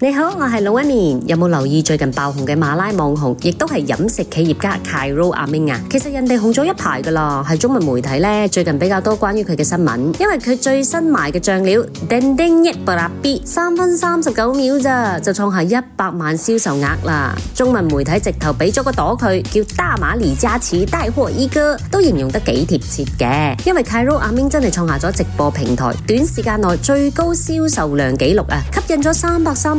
你好，我係老阿明。有冇留意最近爆紅嘅馬拉網紅，亦都係飲食企業家 Khairul Aming 啊？其實人哋紅咗一排噶咯，係中文媒體呢，最近比較多關於佢嘅新聞，因為佢最新賣嘅醬料 Dendeng Nyet Berapi 三分三十九秒咋就創下一百萬銷售額啦。中文媒體直頭俾咗個朵佢，叫大馬李佳琦似大帶貨一哥，都形容得幾貼切嘅。因為 Khairul Aming 真係創下咗直播平台短時間內最高銷售量紀錄啊，吸引咗三百三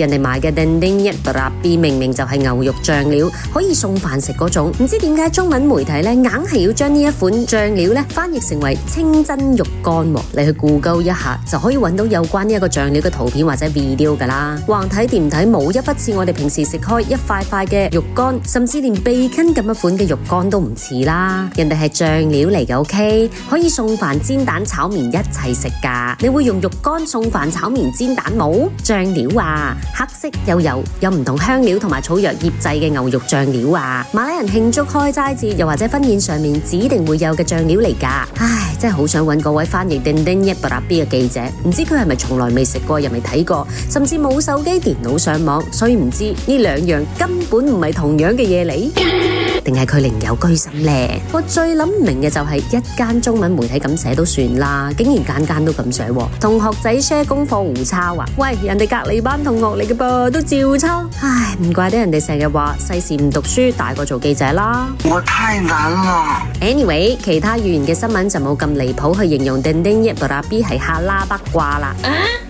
人哋買嘅叮叮一明明就係牛肉醬料，可以送飯食嗰種。唔知點解中文媒體咧硬係要將呢一款醬料咧翻譯成為清真肉乾喎？你去 Google 一下，就可以揾到有關呢一個醬料嘅圖片或者 video 㗎喇。橫睇掂睇，冇一筆似我哋平時食開一塊塊嘅肉乾，甚至連 Bacon 咁一款嘅肉乾都唔似啦。人哋係醬料嚟嘅，OK，可以送飯、煎蛋、炒麵一齊食㗎。你會用肉乾送飯、炒麵、煎蛋冇醬料啊？黑色又有有唔同香料同埋草藥醃製嘅牛肉醬料啊！馬來人慶祝開齋節又或者婚宴上面指定會有嘅醬料嚟㗎，唉，真係好想揾嗰位翻譯丁丁一布拉 B 嘅記者，唔知佢係咪從來未食過又未睇過，甚至冇手機電腦上網，所以唔知呢兩樣根本唔係同樣嘅嘢嚟。定係佢另有居心呢？我最諗唔明嘅就係一間中文媒體咁寫都算啦，竟然間間都咁寫啊，同學仔 share 功課胡抄啊！喂，人哋隔籬班同學嚟嘅噃，都照抄。唉，唔怪得人哋成日話，細時唔讀書，大個做記者啦。我太難啦。Anyway，其他語言嘅新聞就冇咁離譜去形容丁丁一布拉 B 係哈喇八卦啦。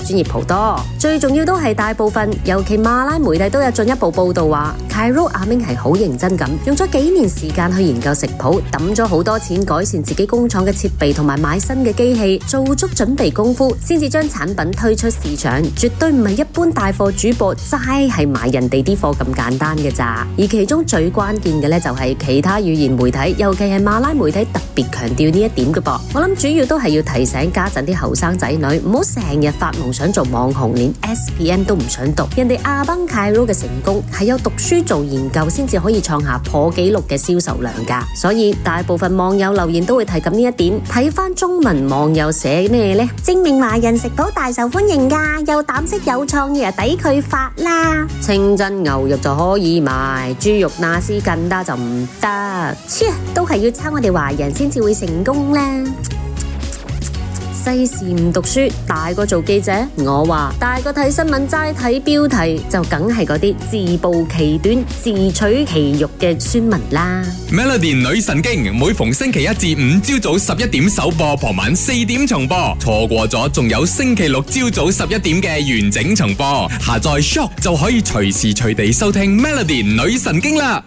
專業好多，最重要都係大部分，尤其馬拉媒體都有進一步報道話，Kairo 阿明係好認真咁，用咗幾年時間去研究食譜，揼咗好多錢改善自己工廠嘅設備同埋買新嘅機器，做足準備功夫先至將產品推出市場，絕對唔係一般大貨主播齋係買人哋啲貨咁簡單嘅咋。而其中最關鍵嘅呢，就係其他語言媒體，尤其係馬拉媒體特別強調呢一點嘅噃。我諗主要都係要提醒家陣啲後生仔女唔好成日發夢。想做網紅連 S P M 都唔想讀，人哋阿 Ben c a i 嘅成功係有讀書做研究先至可以創下破紀錄嘅銷售量噶，所以大部分網友留言都會提及呢一點。睇翻中文網友寫咩呢？證明華人食譜大受歡迎噶，有膽識有創意呀，抵佢發啦。清真牛肉就可以賣，豬肉那斯更加就唔得。切，都係要抄我哋華人先至會成功咧。細時，唔讀書，大個做記者。我話大個睇新聞齋睇標題，就梗係嗰啲自暴其短、自取其辱嘅新聞啦。Melody 女神經，每逢星期一至五朝早十一點首播，傍晚四點重播。錯過咗，仲有星期六朝早十一點嘅完整重播。下載 Shock 就可以隨時隨地收聽 Melody 女神經啦。